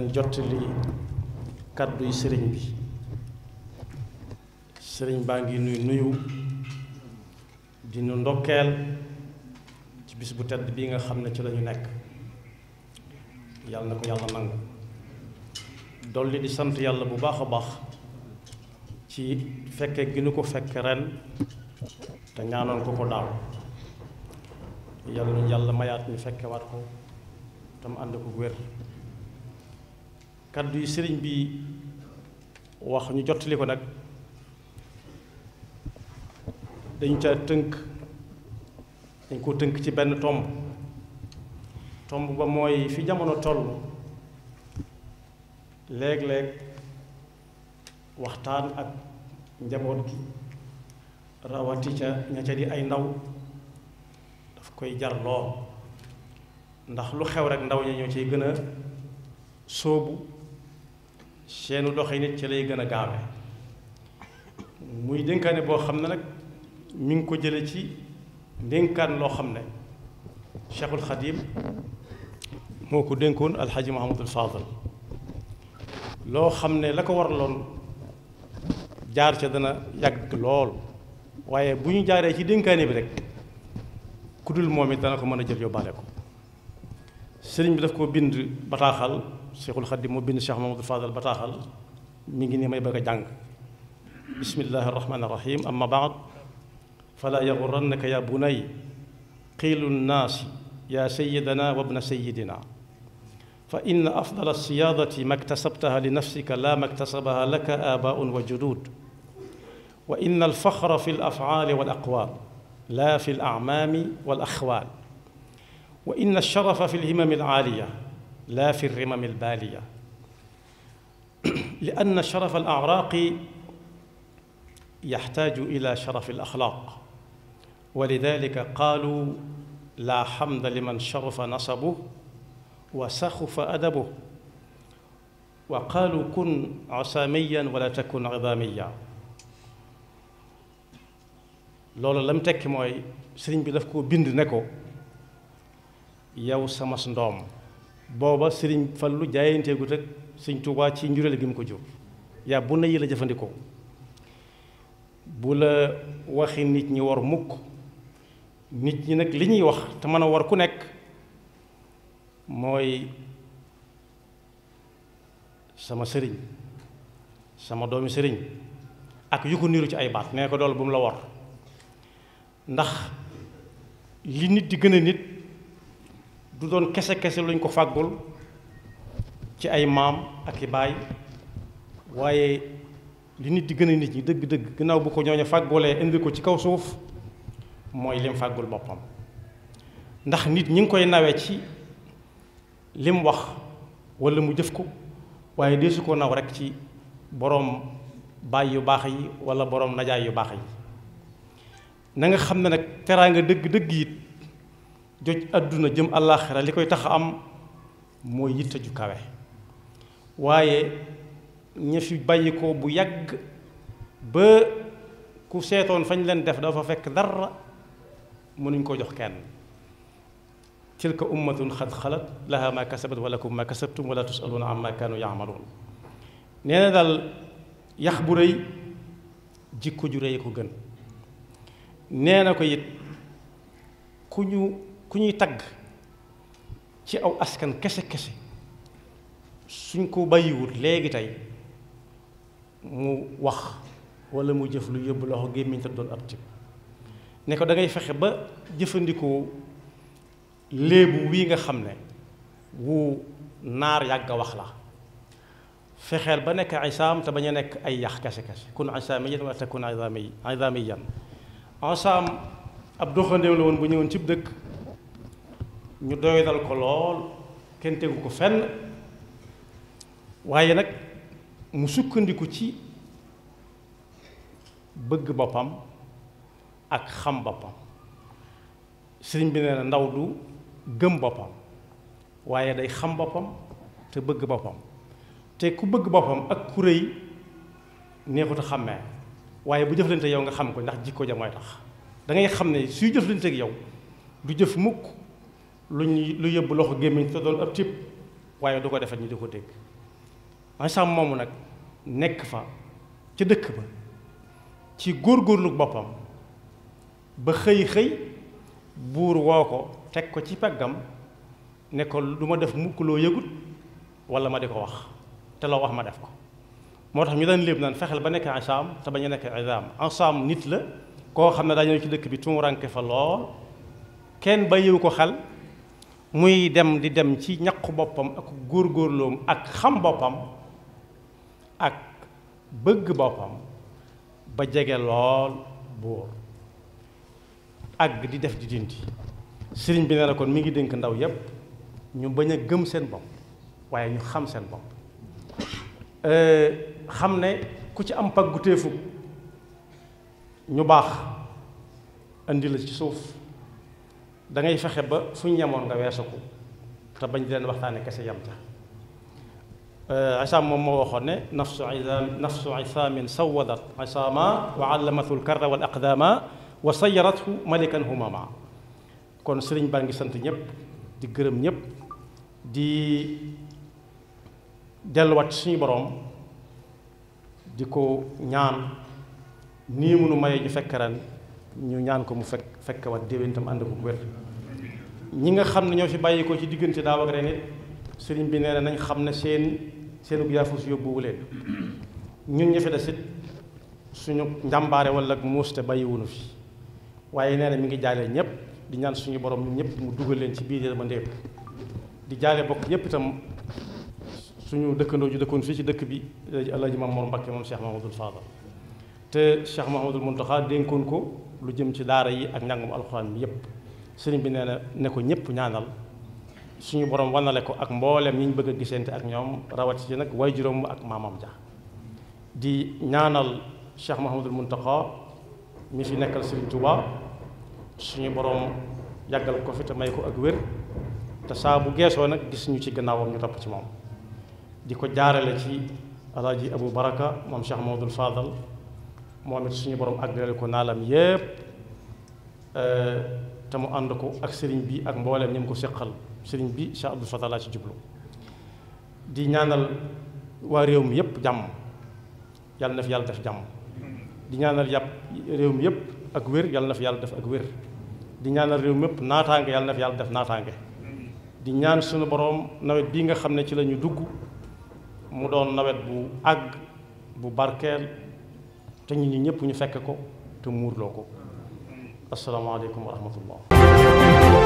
leen jottali kàdduy sëriñ bi sëriñ baa ngi nuy nuyu di nu ndokkeel ci bis bu tedd bii nga xam ne ci lañu nekk yàlla na ko yàlla nangu dolli di sant yàlla bu baax a baax ci fekke gi nu ko fekk ren te ñaanoon ko ko daaw yàlla ñu yàlla mayaat ñu fekkewaat ko tam ànd ko wér kaddu yi sëriñ bii wax ñu jottali nag dañ ca tënk dañ ko tënk ci benn tomb tomb ba mooy fi jamono toll léeg-léeg waxtaan ak njaboot gi rawati ca ña ca di ay ndaw daf koy jar lool ndax lu xew rek ndaw ña ñoo ciy gën a sóobu seenu doxee nit ci lay gën a gaawe muy dénkaane boo xam ne nag mi ngi ko jële ci dénkaan loo xam ne Cheikhul Xadim moo ko dénkoon alxaji Mahamadul Fadal loo xam ne la ko waraloon jaar ca dana yàgg lool waaye bu ñu jaaree ci dénkaane bi rek ku dul moom it dana ko mën a jël yóbbaale ko sëriñ bi daf ko bind bataaxal Cheikhul Khadim moo bind Cheikh Mamadou Fadal bataaxal mi ngi nii may bëgg a jàng bismillahi rahmaani rahim amma baad falaa yagurannaka yaa bunay qiilu nnaasi yaa sayidana wa bna sayidina fa inna afdala siyaadati ma ktasabtaha li nafsika laa ma ktasabaha laka aabaun wa juduud wa inna alfaxra fi alafaali wal aqwaal laa fi alacmaami wal axwaal wa inna sharafa fi lhimami alaaliya laa fi rimami albaaliya li anna sharafa alaaraaqi yaxtaaju ila sharafi alaxlaaq wa lidalika qaalu laa xamda liman sharafa nasabuh wa saxufa adabuh wa qaalu kun asaamiyan wala takun idaamiya loolu lam tekki mooy sëriñ bi daf koo bind ne ko yow sama ndoom booba sëriñ Fallu jaayanteegu rek sëñ Tuubaa ci njureel gi mu ko jur yaa bu na yi la jëfandikoo bu la waxi nit ñi war mukk nit ñi nag li ñuy wax te mën a war ku nekk mooy sama sëriñ sama doomi sëriñ ak yu ko niru ci ay baat nee ko dool bu mu la war ndax li nit di gën a nit du doon kese kese luñ ko fàggul ci ay maam ak i baay waaye li nit di gën a nit ñi dëgg-dëgg gannaaw bu ko ñooñu fàggulee indi ko ci kaw suuf mooy lim fàggul boppam ndax nit ñi ngi koy nawee ci lim wax walla mu jëf ko waaye deesu ko naw rekk ci boroom baay yu baax yi walla boroom najaay yu baax yi nanga xam ne nag teraanga dëgg-dëgg it joj àdduna jëm àllaaxira li koy tax a am mooy yitte ju kawe waaye ña fi bàyyi bu yàgg ba ku seetoon fañ leen def dafa fekk dara mënuñ ko jox kenn tilka ummatun xad xalat laha ma kasabat wa lakum ma kasabtum wala tusaluuna amma kaanu yaamaluun nee na daal yax bu rëy jikko ju rëy ko gën nee na ko it ku ñu ku ñuy tagg ci aw askan kese kese suñ ko bàyyiwut léegi tey mu wax walla mu jëf lu yóbbu loxo gémmiñ te doon ab tib ne ko da fexe ba jëfandikoo léebu wii nga xam ne wu naar yàgg a wax la fexeel ba nekk isaam te ba a nekk ay yax kese kese kun isaamiyan wala takun isaamiyan isaam ab doxandéem la woon bu ñëwoon cib dëkk ñu doyadal ko lool kenn tegu ko fenn waaye nag mu sukkandiku ci bëgg boppam ak xam boppam sëriñ bi nee na ndaw du gëm boppam waaye day xam boppam te bëgg boppam te ku bëgg boppam ak ku rëy neexut a xàmmee waaye bu jëflante yow nga xam ko ndax jikko ja mooy tax da ngay xam ne suy jëflante ak yow du jëf mukk lu ñu lu yëbb loxo gémmiñ te doon ab tip waaye du ko defet ñi di ko dégg Ansa moomu nag nekk fa ci dëkk ba ci góor góorlu boppam ba xëy xëy buur woo ko teg ko ci peggam ne ko du ma def mukk loo yëgut wala ma di ko wax te loo wax ma def ko moo tax ñu daan léeb naan fexeel ba nekk ansaam te bañ a nekk idaam ansaam nit la koo xam ne daa ñëw ci dëkk bi tumuranke fa lool kenn bàyyiwu ko xel muy dem di dem ci ñaqu boppam ak góorloom ak xam boppam ak bëgg boppam ba jege lool buur ak di def di dindi sëriñ bi ne la kon mi ngi dénk ndaw yépp ñu bañ a gëm seen bopp waaye ñu xam seen bopp euh, xam ne ku ci am paggu téefu ñu baax indi la ci suuf da ngay fexe ba fuñ yemoon nga weesu ko te bañ di leen waxtaane kese yam ca euh, isaam moom moo waxoon ne nafsu isaam nafsu isaamin sawadat isaama wa allamatul karra wal aqdaama wa sayarathu malikan humama kon sëriñ baa ngi sant ñépp di gërëm ñëpp di delluwaat suñu boroom di ko ñaan nii munu maye ñu fekk ren ñu ñaan ko mu fekk fekk wat déwén tam ànd ko wér ñi nga xam ne ñoo fi bàyyi ko ci diggante daaw ak sëriñ bi nee nañ xam ne seen seen yaafus yóbbuwu leen ñu ñi fi des suñu njàmbaare wala ak muuste bàyyiwunu fi waaye nee na mi ngi jaale ñëpp di ñaan suñu borom ñun ñëpp mu dugal leen ci biir yërma ndéem di jaale bokk ñëpp itam suñu dëkkandoo ju dëkkoon fii ci dëkk bi El Hadj Mame Mor Mbacké moom Cheikh Mahamadul Fadal te Cheikh Mahamadul Muntaxa ko. lu jëm ci daara yi ak njàngum alxuraan bi yëpp sëriñ bi nee na ne ko ñëpp ñaanal suñu borom wanale ko ak mbooleem ñi bëgg a gisante ak ñoom rawati ci nag way juróom ak maamam ja di ñaanal Cheikh Mouhamadul Mountakha mi fi nekkal sëriñ Touba suñu boroom yàggal ko fi te may ko ak wér te saa bu geesoo nag gis ñu ci gannaawam ñu topp ci moom di ko jaarale ci alaaji Abou Baraka moom Cheikh Mouhamadul Fadal moom it suñu borom àggale ko naalam yépp eh, te mu ànd ko ak sëriñ bi ak mbooleem ñu ko seqal sëriñ bi Cheikh Abdou Fatah laa ci jublu di ñaanal waa réew mi yépp jàmm yàlla na fi yàlla def jàmm di ñaanal yàpp réew mi yépp ak wér yàlla na fi yàlla def ak wér di ñaanal réew mi yépp naataange yàlla na fi yàlla def naataange di ñaan suñu boroom nawet bii nga xam ne ci la dugg mu doon nawet bu àgg bu barkeel te ñun ñi ñëpp ñu fekk ko te muurloo ko asalaamaaleykum wa rahmatullah